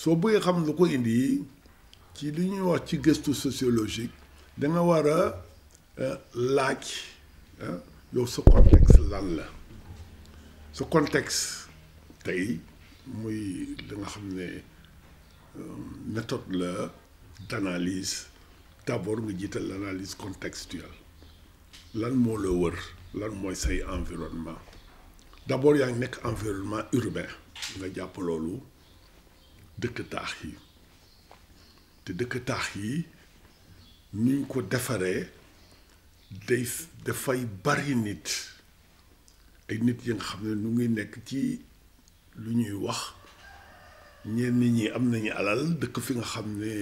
soo bëggee xam lu ko indi ci li ñuy wax ci gëstu sociologique da nga war a euh, laaj hein, yow sa contexte lan la sa contexte tey muy li nga xam ne euh, méthode la d'analyse d'abord nga jiital l'analyse contextuelle lan moo la wër lan mooy say environnement d'abord yaa ngi nekk environnement urbain nga jàpp loolu dëkk taax yi te dëkk taax yi niñ ko defaree day dafay bari nit ay nit yi nga xam ne ñu ngi nekk ci lu ñuy wax ñenn ñi am nañu alal dëkk fi nga xam ne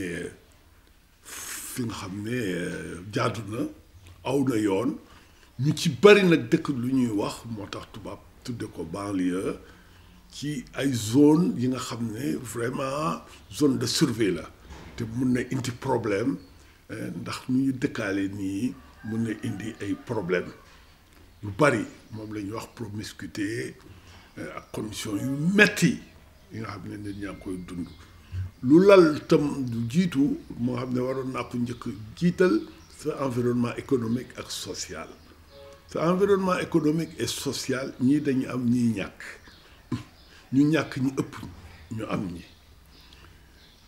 fi nga xam ne jaadu na aw na yoon ñu ci bari nag dëkk lu ñuy wax moo tax tubaab tudde ko banlieue ci ay zone yi nga xam ne vraiment zone de surveil la te mun na indi problème euh, ndax nu ñu dëkkaale nii mun na indi ay problème lu bari moom la ñuy wax promiscuité euh, ak commission yu metti yi nga xam ne nit ñaa koy dund lu lal tam du jiitu moo xam ne waroon naa ko njëkk jiital sa environnement économique ak social sa environnement économique et social ñii dañu am ñii ñàkk ñu ñàkk ñu ëpp ñu am ñi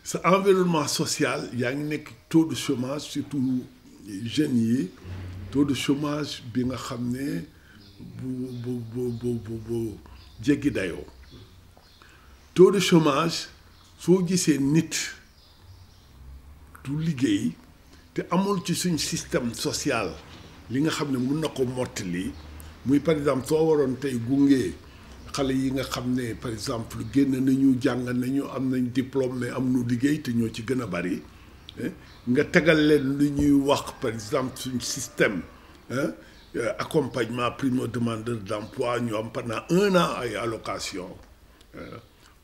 sa environnement social yaa ngi nekk taux de chômage surtout jeunes yi taux de chômage bi nga xam bo bo bo bo bo bu jéggi taux de chômage soo gisee nit du liggéey te amul ci suñ système social li nga xam ne mun na ko mottali muy par exemple soo waroon tey gunge xale yi nga xamné par exemple génn nañu jàng nañu am nañ diplôme mais am nu liggéey te ñoo ci gën a bari hein. nga tegal leen lu ñuy wax par exemple suñ système hein, euh, accompagnement primo demandeur d'emploi ñu am pendant un an ay allocation hein.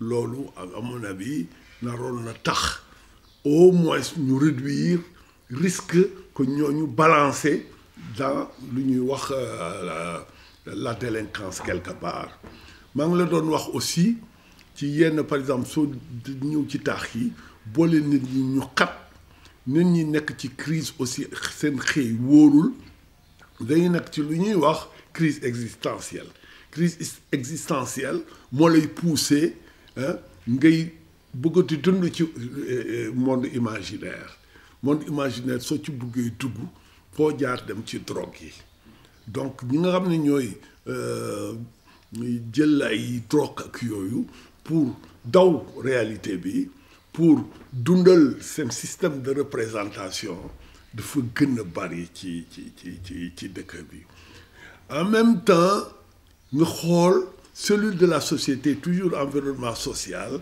loolu à mon avis naroon na tax au moins ñu réduire risque que ñooñu balancer dans lu ñuy wax euh, la délinquance quelque part mang la doon wax aussi ci yenn par exemple soo ñëw ci taax yi boole nit ñi ñu xat nit ñi nekk ci crise aussi seen xëy wóorul dañuy nekk ci lu ñuy wax crise existentielle crise existentielle moo lay poussé hein, ngay bëggati dund ci euh, euh, monde imaginaire monde imaginaire soo ci buggee dugg foo jaar dem ci drogue yi donc ñi nga xam ne ñooy euh, ñuy jël ay trok ak yooyu pour daw réalité bi pour dundal un système de représentation de gën a bari ci ci ci ci bi en même temps nga xool cellule de la société toujours environnement social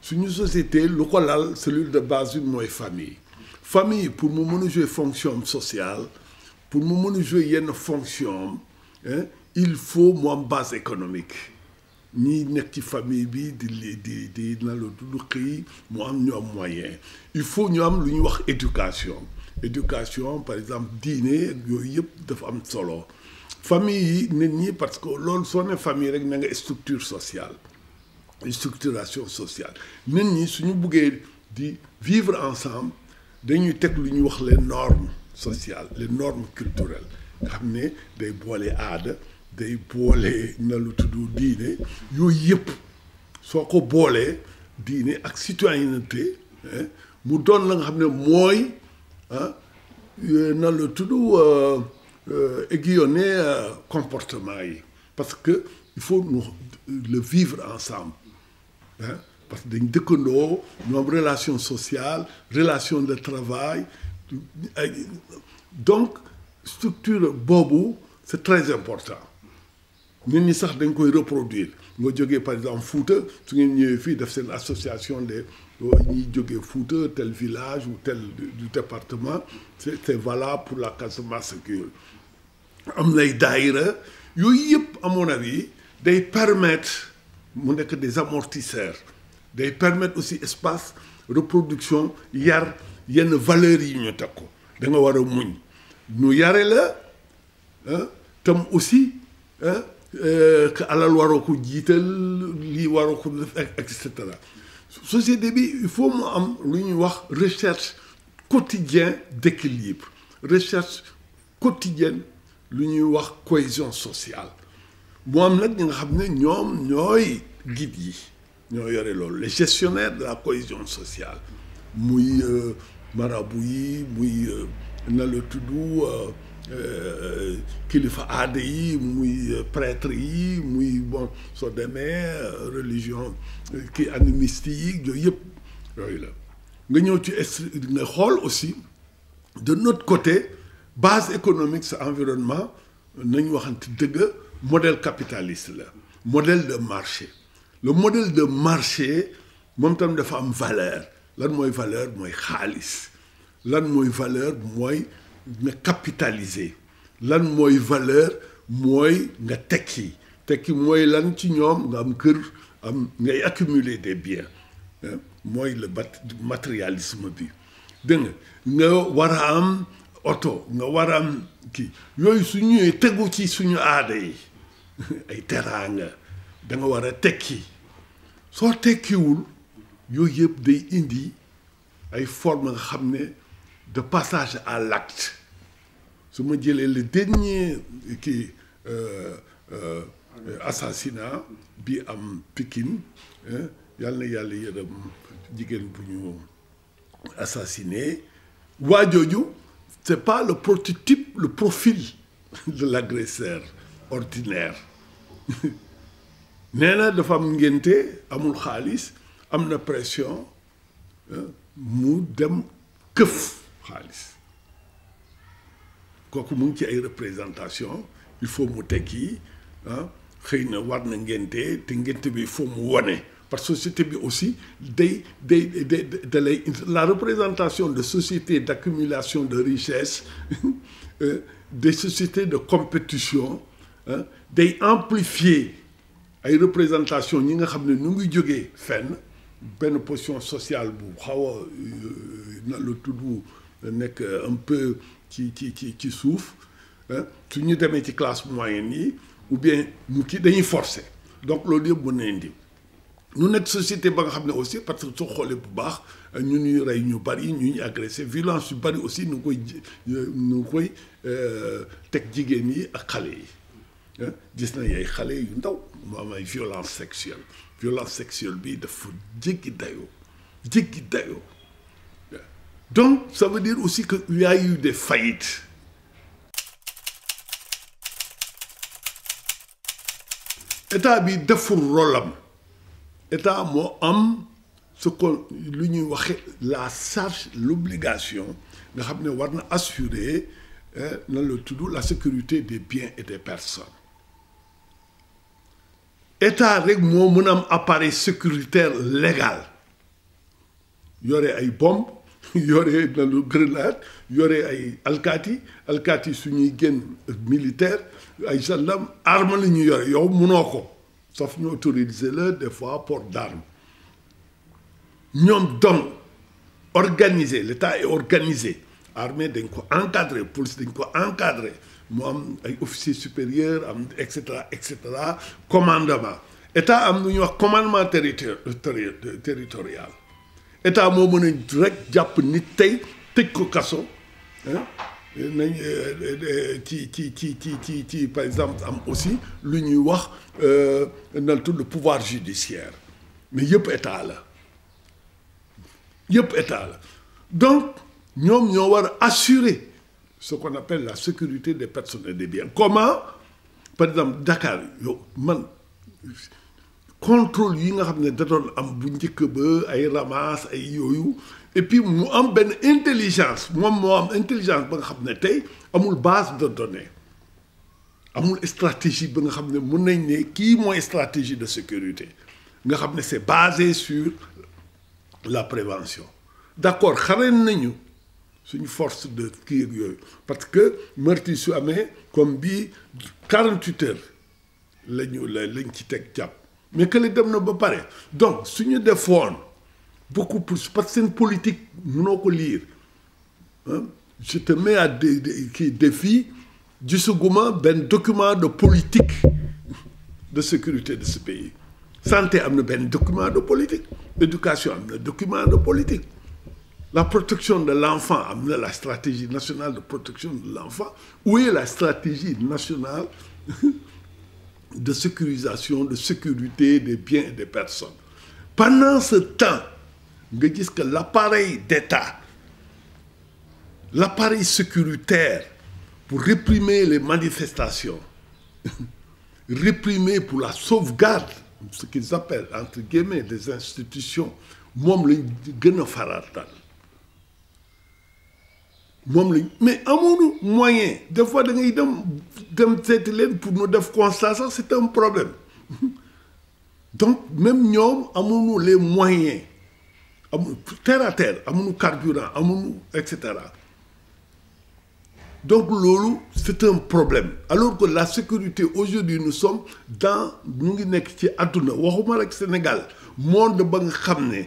suñu société lu ko lal cellule de base bi mooy famille famille pour mu mën a jouer fonction sociale pour mu mën a jouer fonction hein, il faut moi une base économique ni nekk famille bi di di di na lo du xëy mo am ñu moyen il faut ñu am lu wax éducation éducation par exemple dîner ak dafa am solo famille nit ñi parce que lool soo famille rek nga structure sociale Une structuration sociale nit ñi suñu buggee di vivre ensemble dañuy teg lu wax les normes sociales les normes culturelles xamné xam ne day boole day boole na lu tudd diine yooyu yëpp soo ko ak citoyenneté hein, mu la nga comportement parce que il faut nous le vivre ensemble hein parce que dañ relation sociale relation de travail donc structure Bobo, c'est très important nous, ñi sax dañ koy reproduire nga par exemple association des oh, tel village ou tel du département c'est valable pour la case masculine. am à mon avis day permettre que des amortisseurs day permettre aussi espace reproduction yar y ñu da nga hein, aussi. Hein, euh, alal la ko jiital lii waroo ko def et cetera société bi il faut que am lu ñuy wax recherche quotidien d'équilibre recherche quotidienne lu ñuy wax cohésion sociale mu am nag ñi nga xam ne ñoom ñooy guide yi ñoo yore loolu les gestionnaires de la cohésion sociale muy euh, marabu yi muy euh, na tout doux. Euh, euh, kilifa aada yi muy euh, prêtre yi muy bon soo demee religion kii animiste yi yooyu nga ñëw ci aussi de notre côté base économique sa environnement nañ waxante un modèle capitaliste la modèle de marché le modèle de marché moom tam dafa am valeur lan mooy valeur mooy xaalis lan mooy valeur mooy me capitaliser lan moy valeur moy nga tekki tekki moy lan ci ñom nga am kër am ngay accumuler des biens hein, moy le matérialisme bi deug nga am auto nga war am ki yoy su teggu ci suñu ade. yi ay da nga tekki yoy day indi ay forme nga de passage à l'acte su ma jëlee le dernier qui euh, euh, assassinat bi am Pikine hein, yàlla na yàlla yërëm jigéen assassiné ce n'est c'est pas le prototype le profil de l'agresseur ordinaire néna y a ngenté amul ont amna na pression hein, mu dem keuf quand kooku mu ngi une représentation il faut que qui, hein, ah, xëy na war na ngente te ngente bi faut mu wone parce que société aussi la représentation de société d'accumulation de richesse euh, des sociétés de compétition hein, d'amplifier amplifier ay représentation ñi nga xam une ñu position sociale bu xaw euh, le nekk euh, un peu qui qui, qui, ci suuf hein. su ñu demee ci classe moyenne ou bien ñu kii dañuy forcer donc loolu yëpp mën na nous notre société ba nga aussi parce que soo xoolee bu baax nous ñuy rey ñu bari ñu agressé violence yu bari aussi nous koy euh, nous koy euh, teg jigéen yi ak xale yi hein. gis nañ ay xale yu violence sexuelle violence sexuelle bi dafa jéggi dayoo jéggi dayoo. Donc, ça veut dire aussi qu'il y a eu des faillites. état bi des rôles. L'État a am ce qu'on appelle la charge l'obligation de assurer eh, la la sécurité des biens et des personnes état rek avec mën am appareil sécuritaire légal eu une bombe yore nañu grenade yore ay alkaati alkaati suñuy génn militaire ay gendarme arme la ñuy yore yow munoo ko sauf ñu autoriser la des fois port Nous ñoom donc organisé l'état est organisé armée dañ ko encadré police dañ ko encadré mu am ay officiers supérieurs am et cetera et cetera commandement état am un wax commandement territorial état à un moment rek japp nit tay des ko qui hein eh, eh, eh, ci ci ci ci ci ci par exemple am aussi lu ñuy wax euh, tout le pouvoir judiciaire mais yëpp état la yëpp état la donc ñom Donc, war assurer ce qu'on appelle la sécurité des personnes et des biens comment par exemple Dakar Yo man contrôle yi nga xamné da doon am bu njëkk ba ay ramasse ay yoyu et puis mu am ben intelligence mom mo am intelligence ba nga xamné tay amul base de données amul stratégie ba nga xamné ne mën nañ ne kii mooy stratégie de sécurité nga xamné c'est basé sur la prévention d'accord xarañ nañu suñu force de ki ak yoyu parce que meurtre su amee comme bi 48 heures lañu lañ ci tek jàpp mais que les na ba donc si nous formes, beaucoup plus parce que politique lire hein? je te mets à du défi moment, d'un document de politique de sécurité de ce pays santé a un document de politique éducation a un document de politique la protection de l'enfant a la stratégie nationale de protection de l'enfant où est la stratégie nationale de sécurisation, de sécurité des biens et des personnes. Pendant ce temps, me disent que l'appareil d'État, l'appareil sécuritaire pour réprimer les manifestations, réprimer pour la sauvegarde, ce qu'ils appellent entre guillemets des institutions, moi les mais amoonu moyens, des fois da ngay dem dem des pour nous faire constater c'est un problème donc même nous avons les moyens terre à terre nous carburant etc. etc donc c'est un problème alors que la sécurité aujourd'hui nous sommes dans le « ngi à ci le waxuma le Sénégal monde de nga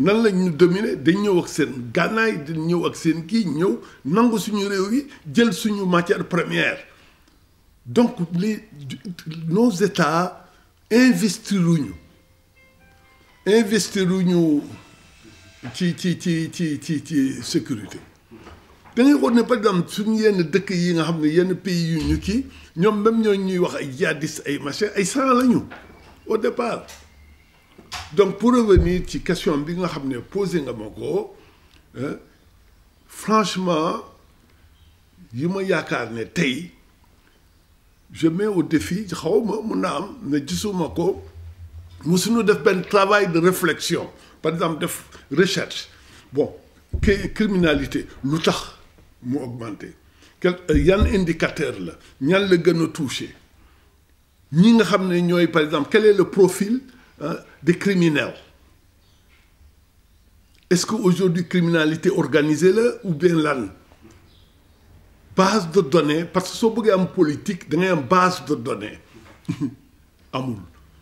nan lañu ñu dañ ñëw ak seen gànnaay dañ ñëw ak seen kii ñëw nangu suñu réew yi jël suñu matière première donc les nos états investiruñu investiruñu ci ci ci ci ci ci sécurité da ngay xool ne par exemple suñu yenn dëkk yi nga xam ne yenn pays yu ñu kii ñoom même ñoo ñuy wax ay jihadistes ay machin ay sang lañu au départ donc pour revenir la question que nga xam posée, nga hein, franchement je ma je mets au défi je ne sais na je ne gisuma Nous, def un travail de réflexion par exemple de recherche bon criminalité lu tax mu augmenté quel un indicateur la y le gën a touché ñi nga xam par exemple quel est le profil Hein, des criminels. Est-ce qu'aujourd'hui, criminalité organisée là, ou bien là Base de données, parce que si vous avez une politique, vous avez une base de données. Amoul.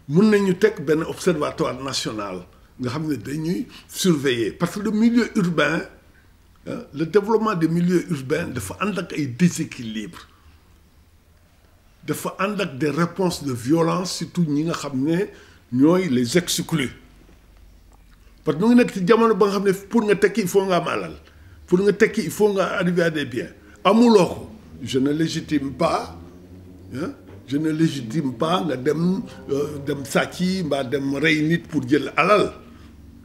Nous avons un observatoire national. Nous avons surveiller. Parce que le milieu urbain, hein, le développement des milieu urbain il faut un déséquilibre. Il faut des réponses de violence, surtout nous avons ñooy les exclus parce que ñu ngi nekk ci jamono ba nga xam ne pour nga tekki il faut nga am pour nga tekki il faut nga arriver à des biens amuloo ko je ne légitime pas hein je ne légitime pas nga dem euh, dem sàcci mbaa dem rey nit pour jël alal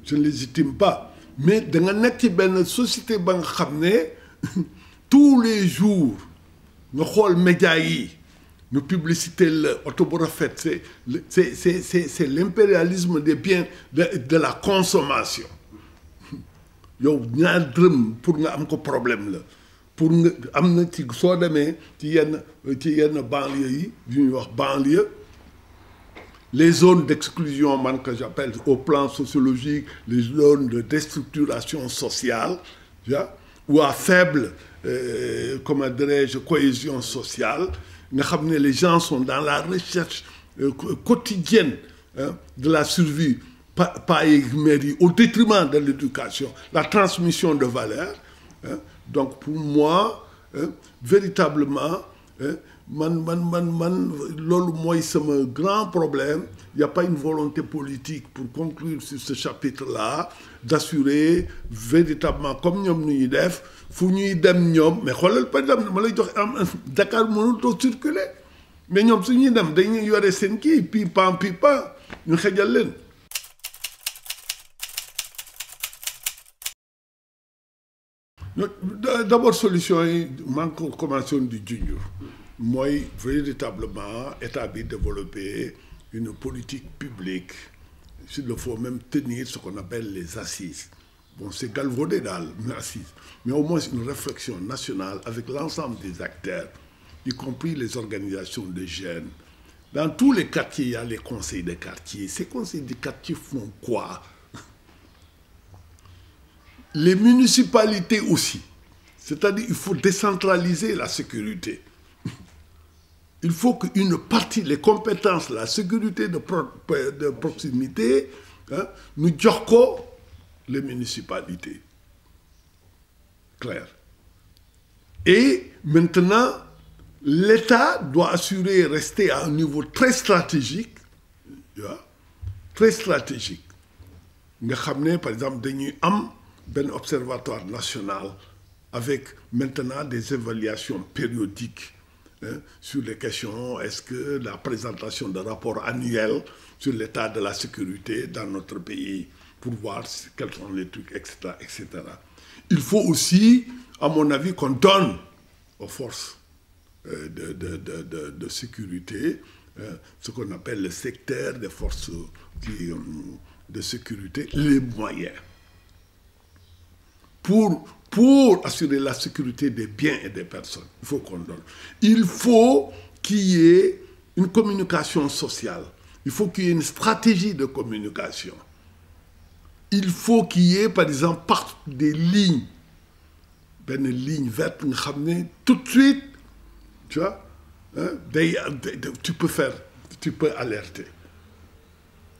je ne légitime pas mais da nga nekk ci benn société ba nga xam ne tous les jours nga xool média yi nous publicité c'est l'impérialisme des biens de la consommation yow ñaar drame pour nga problème pour nous, ci banlieue les zones d'exclusion que j'appelle au plan sociologique les zones de déstructuration sociale ou à faible euh, comme cohésion sociale mais les gens sont dans la recherche euh, quotidienne hein, de la survie pas au détriment de l'éducation la transmission de valeurs hein. donc pour moi hein, véritablement Hein, man man man man grand problème il n'y a pas une volonté politique pour conclure sur ce chapitre-là d'assurer véritablement comme nous ñuy def fu ñuy dem mais xolal par exemple jox Dakar mais ñu d'abord solution manque de ko du junior. Moi, véritablement établir, développer une politique publique Il le faut même tenir ce qu'on appelle les assises bon c'est galvaudé dans les assises, mais au moins une réflexion nationale avec l'ensemble des acteurs y compris les organisations de jeunes dans tous les quartiers il y a les conseils de quartiers. ces conseils des quartiers font quoi les municipalités aussi. C'est-à-dire il faut décentraliser la sécurité. Il faut qu'une partie, les compétences, la sécurité de, de proximité, hein, nous djorko les municipalités. Clair. Et maintenant, l'État doit assurer, rester à un niveau très stratégique, très stratégique. Nous par exemple, nous avons ben observatoire national avec maintenant des évaluations périodiques hein, sur les questions, est-ce que la présentation de rapports annuels sur l'état de la sécurité dans notre pays, pour voir quels sont les trucs, etc. etc. Il faut aussi, à mon avis, qu'on donne aux forces euh, de sécurité hein, ce qu'on appelle le secteur des forces euh, de sécurité, les moyens pour, assurer la sécurité des biens et des personnes. Il faut qu'on donne. Il faut qu'il y ait une communication sociale. Il faut qu'il y ait une stratégie de communication. Il faut qu'il y ait, par exemple, partout des lignes. Ben, une ligne verte, tout de suite, tu vois, hein, tu peux faire, tu peux alerter.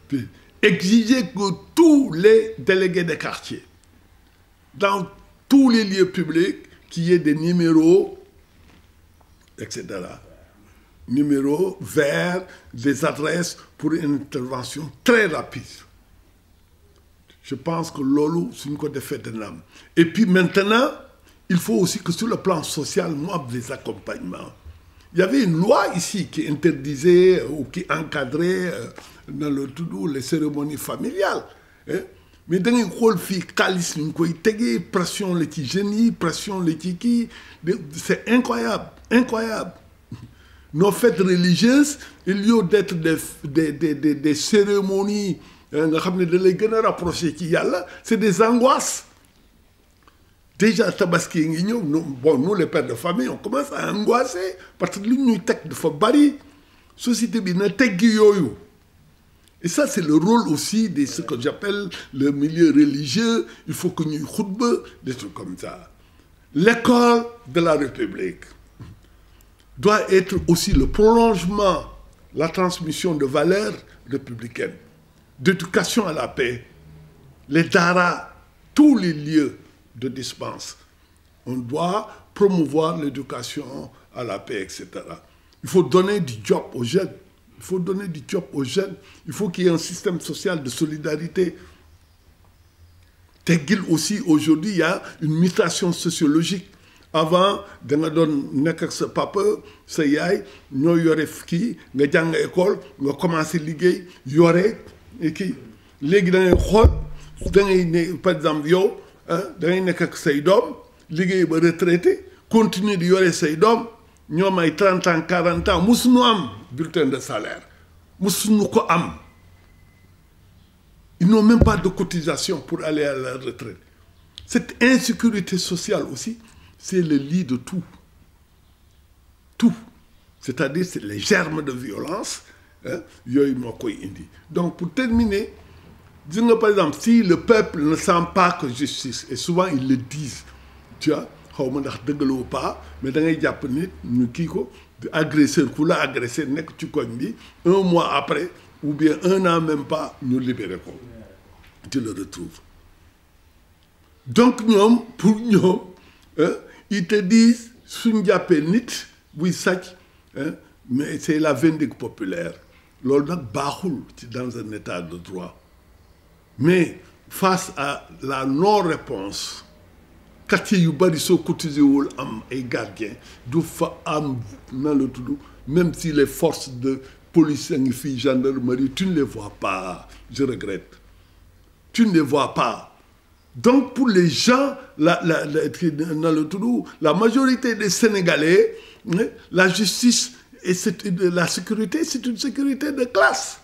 Puis, exiger que tous les délégués des quartiers, dans tous les lieux publics, qu'il y ait des numéros, etc. Numéros verts, des adresses pour une intervention très rapide. Je pense que Lolo, c'est une de fait Et puis maintenant, il faut aussi que sur le plan social, avons des accompagnements. Il y avait une loi ici qui interdisait ou qui encadrait euh, dans le tout les cérémonies familiales. Hein mais dans ngay xool fii xaalis ñu koy tegee pression pressions, génie pression la ci c'est incroyable incroyable nos fêtes religieuses il y a d'être des des des des des cérémonies hein, nga xamné da lay rapproché ci c'est des angoisses déjà tabaski ngi ñëw nous bon nous les pères de famille on commence à angoisser parce que li ñuy teg dafa bari société bi na teggi yoyu et ça, c'est le rôle aussi de ce que j'appelle le milieu religieux. Il faut que nous khutbe, des trucs comme ça. L'école de la République doit être aussi le prolongement, la transmission de valeurs républicaines, d'éducation à la paix, les daras, tous les lieux de dispense. On doit promouvoir l'éducation à la paix, etc. Il faut donner du job aux jeunes. Il faut donner du job aux jeunes. Il faut qu'il y ait un système social de solidarité. Tegil aussi, aujourd'hui, il y a une mutation sociologique. Avant, da nga doon nekk ak sa papa sa yaay ñoo yore kii nga jàng école nga commencé liggéey yore et qui da ngay xool d'un ngay ne par exemple yo, hein, ah, ngay nekk ak say doom ba retraité continuer de yore say ñoom ay 30 ans 40 ans pas am bulletin de salaire ko am ils n'ont même pas de cotisation pour aller à la retraite cette insécurité sociale aussi c'est le lit de tout tout c'est-à-dire c'est les germes de violence hein, donc pour terminer disons par exemple si le peuple ne sent pas que justice et souvent ils le disent tu vois xaw ndax dëggaloo pas mais da ngay Japonais, nit ñu kii ko agresseur ku la agressé nekk ci bi un mois après ou bien un an même pas nous libérer ko tu le retrouves donc ñoom pour nous, hein, ils te disent suñ jàppee nit buy sàcc hein, mais c'est la vindicte populaire loolu nag dans un état de droit mais face à la non réponse quartier gardien même si les forces de police gendarmerie tu ne les vois pas je regrette tu ne les vois pas donc pour les gens la la la la majorité des sénégalais hein, la justice et la sécurité c'est une sécurité de classe